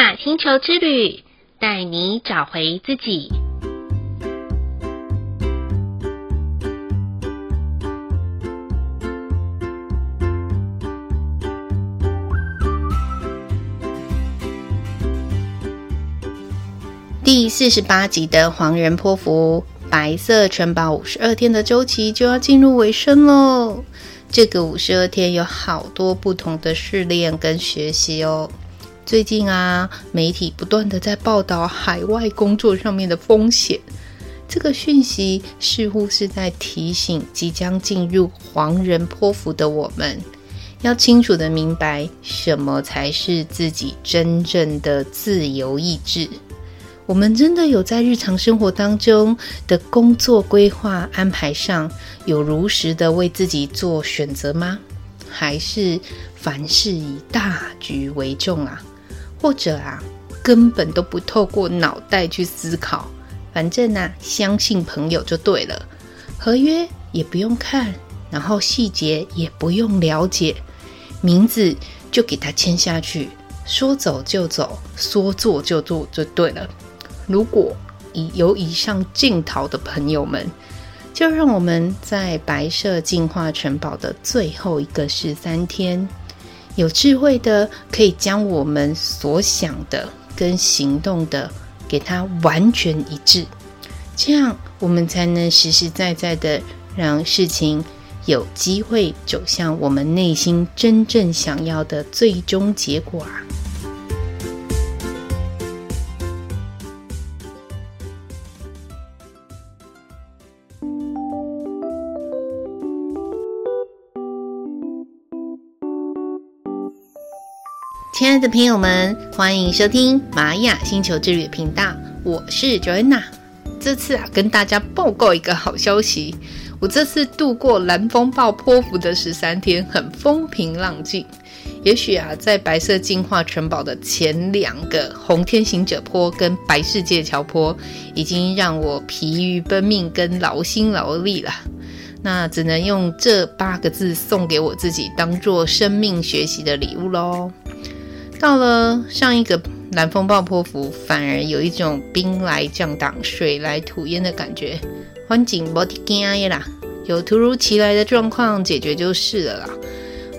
《馬雅星球之旅》帶你找回自己。第四十八集的黃人波符，白色城堡，五十二天的週期就要進入尾聲嘍。這個五十二天有好多不同的試煉跟學習哦。最近啊，媒體不斷的在報道海外工作上面的風險，這個訊息似乎是在提醒即將進入黃人波符的我們，要清楚的明白什麼才是自己真正的自由意志。我們真的有在日常生活當中的工作規劃安排上有如實的為自己做選擇嗎？還是凡事以大局為重啊？或者啊，根本都不透過腦袋去思考，反正啊，相信朋友就對了，合約也不用看，然後細節也不用了解，名字就給他簽下去，說走就走，說做就做就對了。如果以有以上狀況的朋友們，就讓我們在白色淨化城堡的最後一個十三天，有智慧的，可以將我們所想的跟行動的，給它完全一致，這樣我們才能實實在在的讓事情有機會走向我們內心真正想要的最終結果啊。親愛的朋友們，歡迎收聽《馬雅星球之旅》頻道，我是 Joanna。這次啊，跟大家報告一個好消息，我這次度過藍風暴波符的十三天，很風平浪靜。也許啊，在白色淨化城堡的前兩個紅天行者波跟白世界橋波，已經讓我疲於奔命跟勞心勞力了。那只能用這八個字送給我自己，當作生命學習的禮物嘍。到了上一個藍風暴波符，反而有一種兵來將擋、水來土掩的感覺。沒在怕的啦，有突如其來的狀況，解決就是了啦。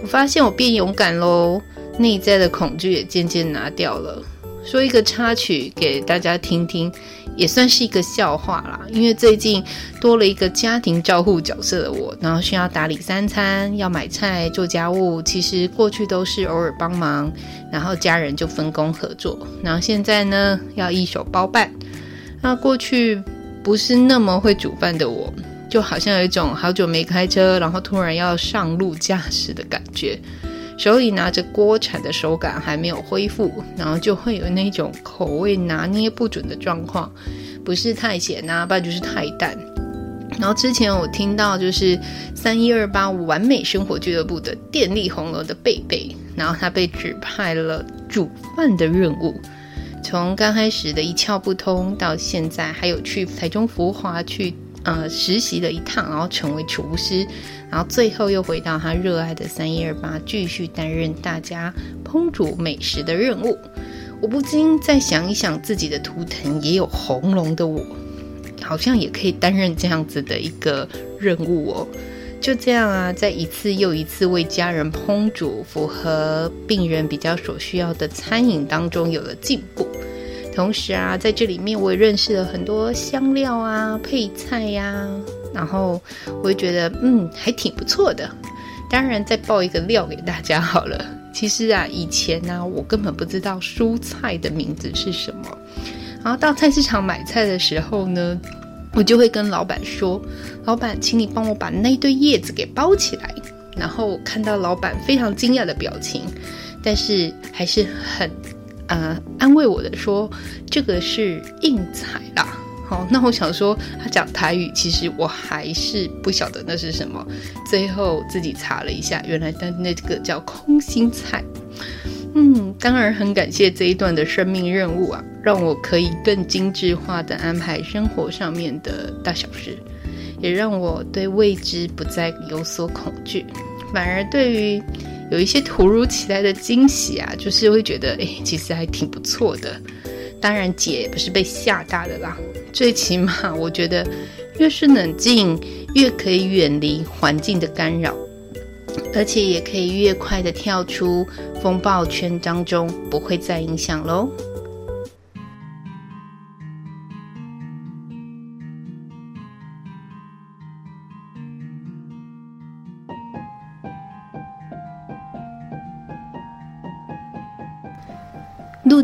我發現我變勇敢嘍，內在的恐懼也漸漸拿掉了。說一個插曲給大家聽聽，也算是一個笑話啦。因為最近多了一個家庭照護角色的我，然後需要打理三餐、要買菜、做家務。其實過去都是偶爾幫忙，然後家人就分工合作。然後現在呢，要一手包辦。那、啊、過去不是那麼會煮飯的我，就好像有一種好久沒開車，然後突然要上路駕駛的感覺。手裡拿着鍋鏟的手感還沒有恢復，然後就會有那種口味拿捏不準的狀況，不是太鹹吶、啊，不然就是太淡。然後之前我聽到就是三一二八完美生活俱樂部的電力紅樓的貝貝，然後他被指派了煮飯的任務，從剛開始的一竅不通到現在，還有去台中福華去。呃，實習了一趟，然後成為廚師，然後最後又回到他熱愛的三一二八，繼續擔任大家烹煮美食的任務。我不禁再想一想自己的圖騰也有紅龍的我，好像也可以擔任這樣子的一個任務哦。就這樣啊，在一次又一次為家人烹煮符合病人比較所需要的餐飲當中，有了進步。同時啊，在這裡面我也認識了很多香料啊、配菜呀、啊，然後我也覺得嗯，還挺不錯的。當然，再爆一個料給大家好了。其實啊，以前呢、啊，我根本不知道蔬菜的名字是什麼。然後到菜市場買菜的時候呢，我就會跟老闆說：“老闆，請你幫我把那堆葉子給包起來。”然後看到老闆非常驚訝的表情，但是還是很。呃，安慰我的說，這個是應菜啦。好、哦，那我想說，他講台語，其實我還是不曉得那是什麼。最後自己查了一下，原來他那個叫空心菜。嗯，當然很感謝這一段的生命任務啊，讓我可以更精緻化的安排生活上面的大小事，也讓我對未知不再有所恐懼，反而對於。有一些突如其來的驚喜啊，就是會覺得，誒、欸，其實還挺不錯的。當然，姐也不是被嚇大的啦。最起碼，我覺得越是冷靜，越可以遠離環境的干擾，而且也可以越快地跳出風暴圈當中，不會再影響嘍。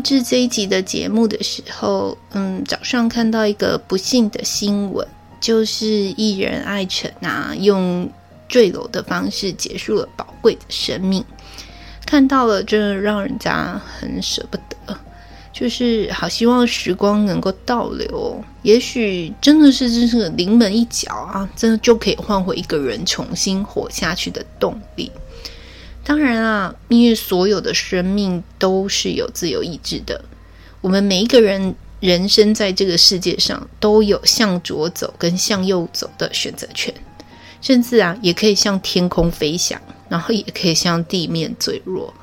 錄製這一集的節目的時候，嗯，早上看到一個不幸的新聞，就是藝人艾成啊，用墜樓的方式結束了寶貴的生命。看到了，真的讓人家很捨不得，就是好希望時光能夠倒流，哦，也許真的是真是臨門一腳啊，真的就可以換回一個人重新活下去的動力。當然啊，因為所有的生命都是有自由意志的。我們每一個人人生在這個世界上，都有向左走跟向右走的選擇權，甚至啊，也可以向天空飛翔，然後也可以向地面墜落。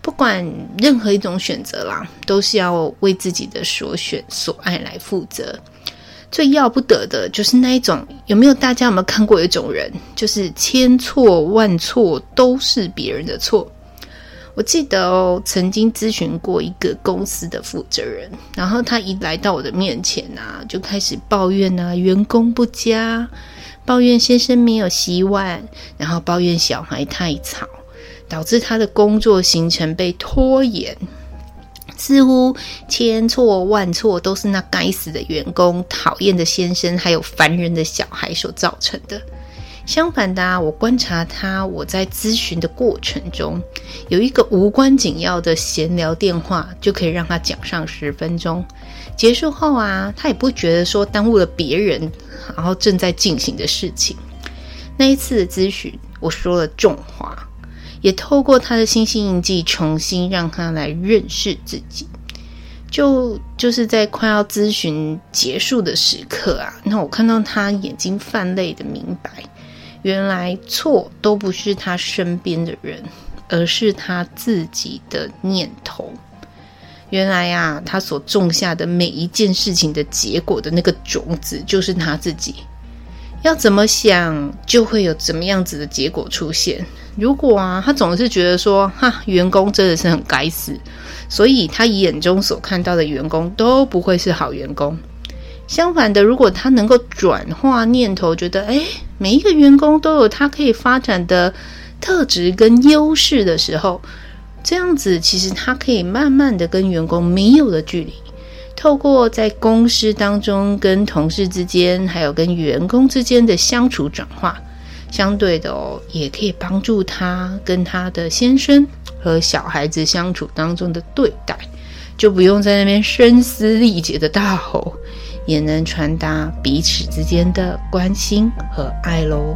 不管任何一種選擇啦，都是要為自己的所選所愛來負責。最要不得的就是那一種，有沒有？大家有沒有看過一種人，就是千錯萬錯都是別人的錯。我記得哦，曾經諮詢過一個公司的負責人，然後他一來到我的面前啊，就開始抱怨啊，員工不佳，抱怨先生沒有洗碗，然後抱怨小孩太吵，導致他的工作行程被拖延。似乎千錯萬錯都是那該死的員工、討厭的先生，還有煩人的小孩所造成的。相反的啊，我觀察他，我在諮詢的過程中，有一個無關緊要的閒聊電話，就可以讓他講上十分鐘。結束後啊，他也不覺得說耽誤了別人，然後正在進行的事情。那一次的諮詢，我說了重話。也透過他的星星印記，重新讓他來認識自己。就就是在快要諮詢結束的時刻啊，那我看到他眼睛泛淚的明白，原來錯都不是他身邊的人，而是他自己的念頭。原來呀、啊，他所種下的每一件事情的結果的那個種子，就是他自己。要怎麼想，就會有怎麼樣子的結果出現。如果啊，他總是覺得說，哈，員工真的是很該死，所以他眼中所看到的員工都不會是好員工。相反的，如果他能夠轉化念頭，覺得，哎，每一個員工都有他可以發展的特質跟優勢的時候，這樣子其實他可以慢慢的跟員工沒有了距離，透過在公司當中跟同事之間，還有跟員工之間的相處轉化。相對的哦，也可以幫助他跟他的先生和小孩子相處當中的對待，就不用在那邊聲嘶力竭的大吼，也能傳達彼此之間的關心和愛嘍。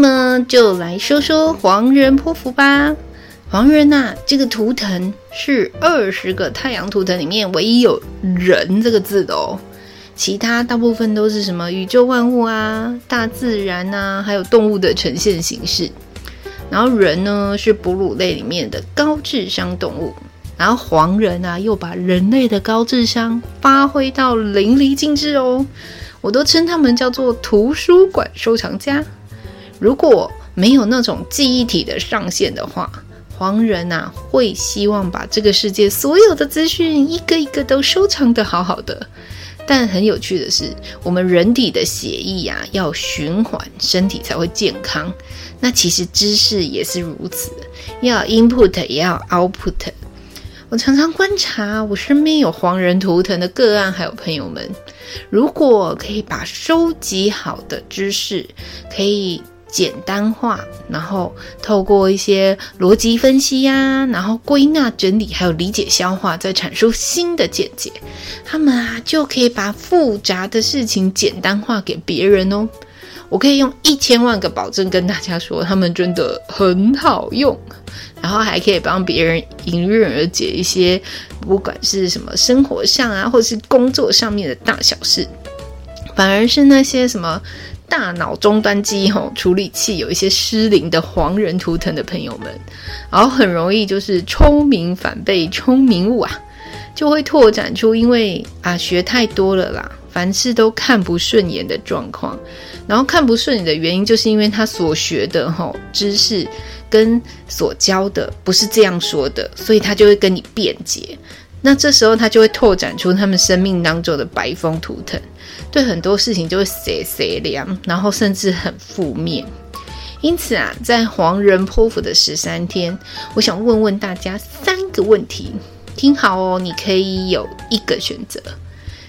那麼就來說說黃人波符吧。黃人吶、啊，這個圖騰是二十個太陽圖騰裡面唯一有人這個字的哦。其他大部分都是什麼宇宙萬物啊、大自然啊，還有動物的呈現形式。然後人呢，是哺乳類裡面的高智商動物。然後黃人啊，又把人類的高智商發揮到淋漓盡致哦。我都稱他們叫做圖書館收藏家。如果沒有那種記憶體的上限的話，黃人啊會希望把這個世界所有的資訊一個一個都收藏得好好的。但很有趣的是，我們人體的血液啊要循環，身體才會健康。那其實知識也是如此，要 input，也要 output。我常常觀察我身邊有黃人圖騰的個案，還有朋友們，如果可以把收集好的知識，可以，簡單化，然後透過一些邏輯分析呀、啊，然後歸納整理，還有理解消化，再產出新的見解，他們啊就可以把複雜的事情簡單化給別人哦。我可以用一千萬個保證跟大家說，他們真的很好用，然後還可以幫別人迎刃而解一些，不管是什麼生活上啊，或是工作上面的大小事，反而是那些什麼。大腦終端機吼處理器有一些失靈的黃人圖騰的朋友們，然後很容易就是聰明反被聰明誤啊，就會拓展出因為啊學太多了啦，凡事都看不順眼的狀況。然後看不順眼的原因，就是因為他所學的吼知識跟所教的不是這樣說的，所以他就會跟你辯解。那這時候，他就會拓展出他們生命當中的白風圖騰，對很多事情就會碎碎念，然後甚至很負面。因此啊，在黃人波符的十三天，我想問問大家三個問題，聽好哦，你可以有一個選擇。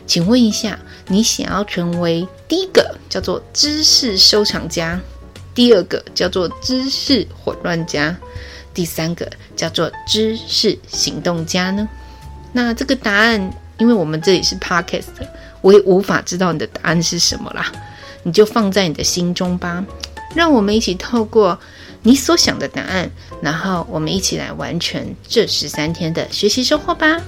請問一下，你想要成為第一個叫做知識收藏家，第二個叫做知識混亂家，第三個叫做知識行動家呢？那這個答案，因為我們這裡是 podcast，我也無法知道你的答案是什麼啦。你就放在你的心中吧，讓我們一起透過你所想的答案，然後我們一起來完成這十三天的學習收穫吧。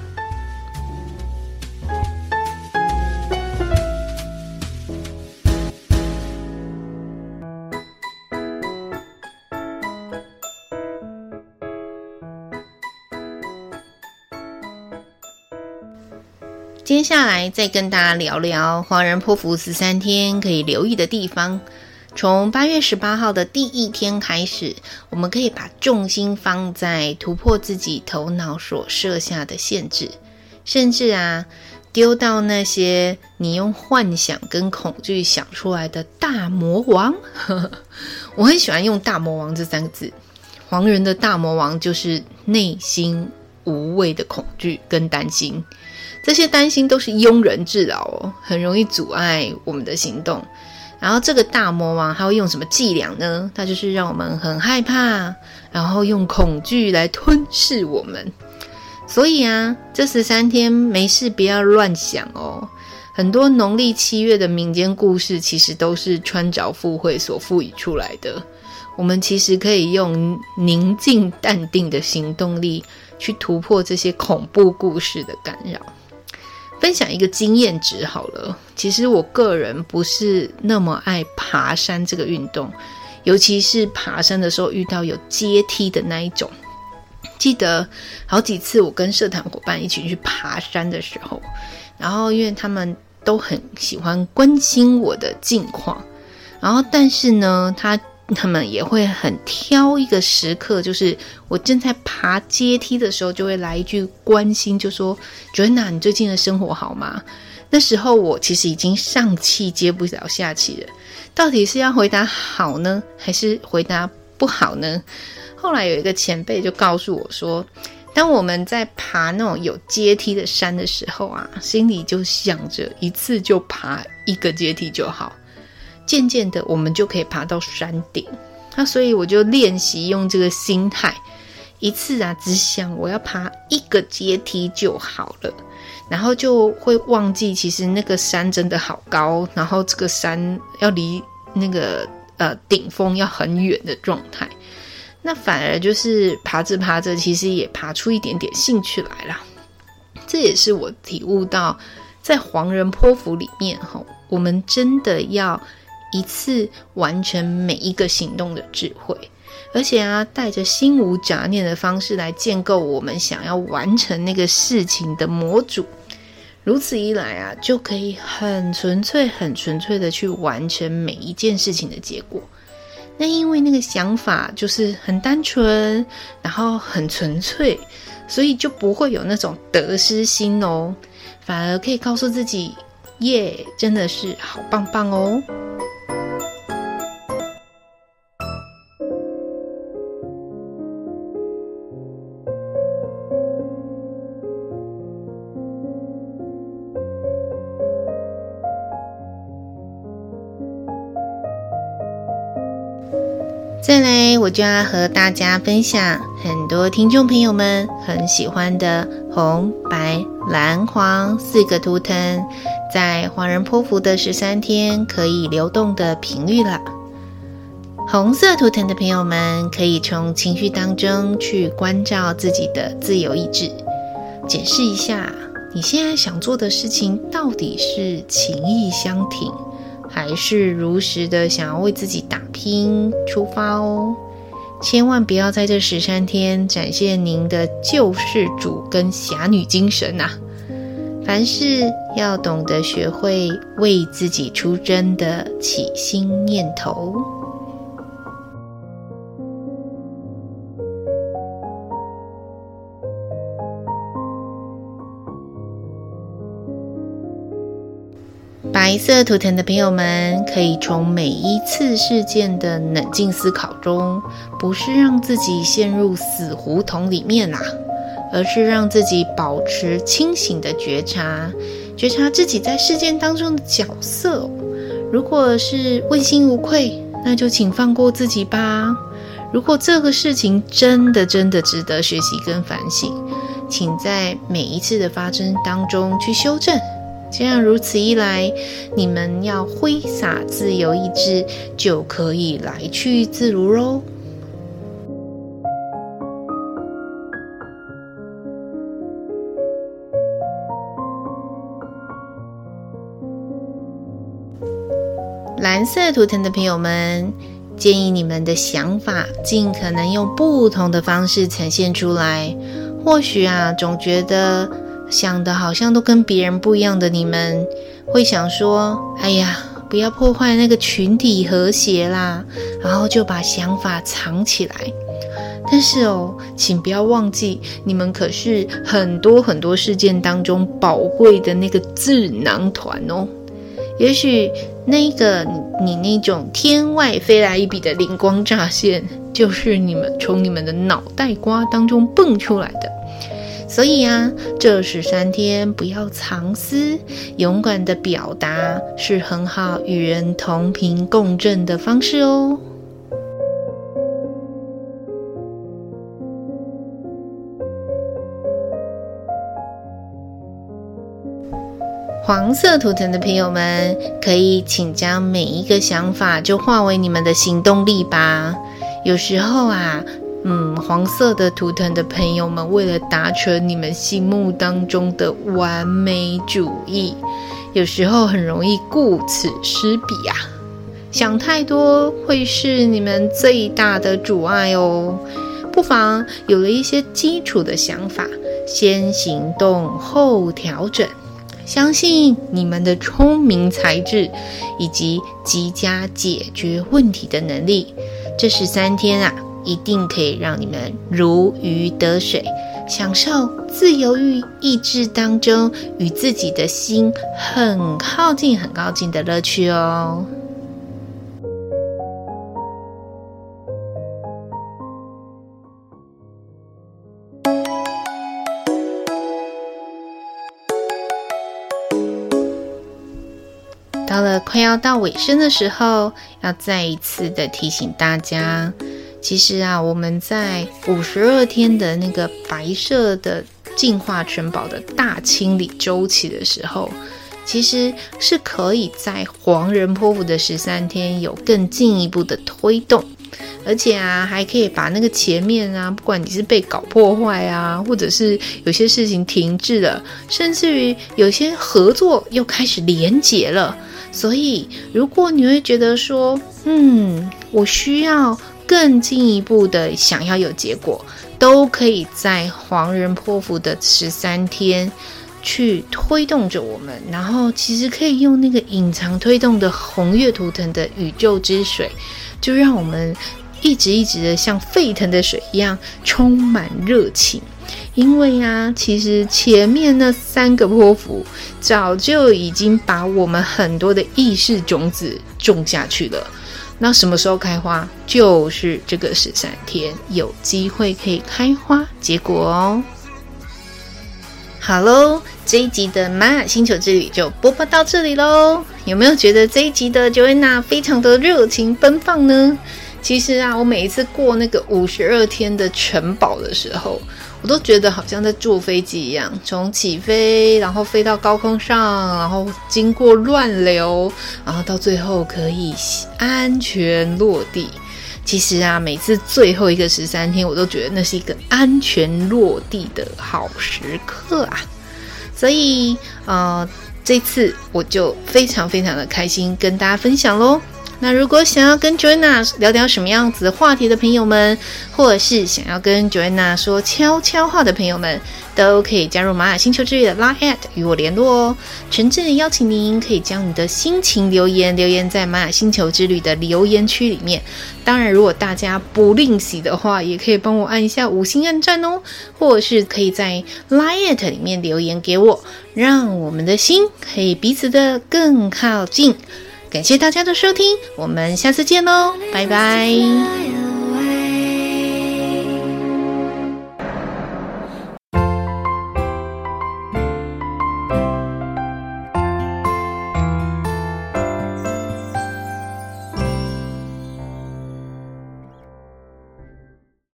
接下來再跟大家聊聊黃人波符十三天可以留意的地方。從八月十八號的第一天開始，我們可以把重心放在突破自己頭腦所設下的限制，甚至啊丟到那些你用幻想跟恐懼想出來的大魔王。呵呵，我很喜歡用“大魔王”這三個字，黃人的大魔王就是內心無謂的恐懼跟擔心。這些擔心都是庸人自擾哦，很容易阻礙我們的行動。然後這個大魔王他會用什麼伎倆呢？他就是讓我們很害怕，然後用恐懼來吞噬我們。所以啊，這十三天沒事，不要亂想哦。很多農曆七月的民間故事，其實都是穿鑿附會所賦予出來的。我們其實可以用寧靜淡定的行動力，去突破這些恐怖故事的干擾。分享一個經驗值好了，其實我個人不是那麼愛爬山這個運動，尤其是爬山的時候遇到有階梯的那一種。記得好幾次我跟社團夥伴一起去爬山的時候，然後因為他們都很喜歡關心我的近況，然後但是呢他。他們也會很挑一個時刻，就是我正在爬階梯的時候，就會來一句關心，就說：“Joanna，你最近的生活好嗎？”那時候我其實已經上氣接不了下氣了，到底是要回答好呢，還是回答不好呢？後來有一個前輩就告訴我說：“當我們在爬那種有階梯的山的時候啊，心裡就想着一次就爬一個階梯就好。”漸漸的，我們就可以爬到山頂。那、啊、所以我就練習用這個心態，一次啊，只想我要爬一個階梯就好了，然後就會忘記其實那個山真的好高，然後這個山要離那個呃頂峰要很遠的狀態。那反而就是爬着爬着，其實也爬出一點點興趣來了。這也是我體悟到，在黃人波符裡面哈，我們真的要。一次完成每一個行動的智慧，而且啊，帶着心無雜念的方式來建構我們想要完成那個事情的模組。如此一來啊，就可以很純粹、很純粹的去完成每一件事情的結果。那因為那個想法就是很單純，然後很純粹，所以就不會有那種得失心哦，反而可以告訴自己，耶、yeah，真的是好棒棒哦。我就要和大家分享很多聽眾朋友們很喜歡的紅、白、藍、黃四個圖騰，在黃人波符的十三天可以流動的頻率了。紅色圖騰的朋友們可以從情緒當中去關照自己的自由意志，檢視一下你現在想做的事情到底是情義相挺，還是如實的想要為自己打拼出發哦。千萬不要在這十三天展現您的救世主跟俠女精神吶、啊！凡事要懂得學會為自己出征的起心念頭。白色圖騰的朋友們，可以從每一次事件的冷靜思考中，不是讓自己陷入死胡同裡面啦啊，而是讓自己保持清醒的覺察，覺察自己在事件當中的角色哦。如果是問心無愧，那就請放過自己吧。如果這個事情真的真的值得學習跟反省，請在每一次的發生當中去修正。既然如此一來，你們要揮灑自由意志，就可以來去自如嘍。藍色圖騰的朋友們，建議你們的想法盡可能用不同的方式呈現出來。或許啊，總覺得。想的好像都跟別人不一樣的你們，會想說：“哎呀，不要破壞那個群體和諧啦。”然後就把想法藏起來。但是哦，請不要忘記，你們可是很多很多事件當中寶貴的那個智囊團哦。也許那個你，你那種天外飛來一筆的靈光乍現，就是你們從你們的腦袋瓜當中蹦出來的。所以啊，這十三天不要藏私，勇敢的表達是很好與人同頻共振的方式哦。黃色圖騰的朋友們，可以請將每一個想法就化為你們的行動力吧。有時候啊。嗯，黃色的圖騰的朋友們，為了達成你們心目當中的完美主義，有時候很容易顧此失彼啊。想太多會是你們最大的阻礙哦。不妨有了一些基礎的想法，先行動後調整。相信你們的聰明才智以及極佳解決問題的能力。這十三天啊。一定可以讓你們如魚得水，享受自由與意志當中與自己的心很靠近、很靠近的樂趣哦。到了快要到尾聲的時候，要再一次的提醒大家。其實啊，我們在五十二天的那個白色的淨化城堡的大清理週期的時候，其實是可以在黃人波符的十三天有更進一步的推動，而且啊，還可以把那個前面啊，不管你是被搞破壞啊，或者是有些事情停滯了，甚至於有些合作又開始連結了。所以，如果你會覺得說，嗯，我需要。更進一步的想要有結果，都可以在黃人波符的十三天去推動着我們，然後其實可以用那個隱藏推動的紅月圖騰的宇宙之水，就讓我們一直一直的像沸騰的水一樣充滿熱情。因為呀、啊，其實前面那三個波符早就已經把我們很多的意識種子種下去了。那什麼時候開花？就是這個十三天，有機會可以開花結果哦。好嘍，這一集的瑪雅星球之旅就播報到這裡嘍。有沒有覺得這一集的 Joanna 非常的熱情奔放呢？其實啊，我每一次過那個五十二天的城堡的時候，我都覺得好像在坐飛機一樣，從起飛，然後飛到高空上，然後經過亂流，然後到最後可以安全落地。其實啊，每次最後一個十三天，我都覺得那是一個安全落地的好時刻啊。所以呃，這次我就非常非常的開心，跟大家分享嘍。那如果想要跟 Joanna 聊聊什麼樣子話題的朋友們，或者是想要跟 Joanna 說悄悄話的朋友們，都可以加入瑪雅星球之旅的 LINE@ 與我聯絡哦。誠摯的邀請您，可以將你的心情留言，留言在瑪雅星球之旅的留言區裡面。當然，如果大家不吝惜的話，也可以幫我按一下五星按讚哦，或者是可以在 LINE@ 裡面留言給我，讓我們的心可以彼此的更靠近。感謝大家的收聽，我們下次見嘍，啊、拜拜。嗯嗯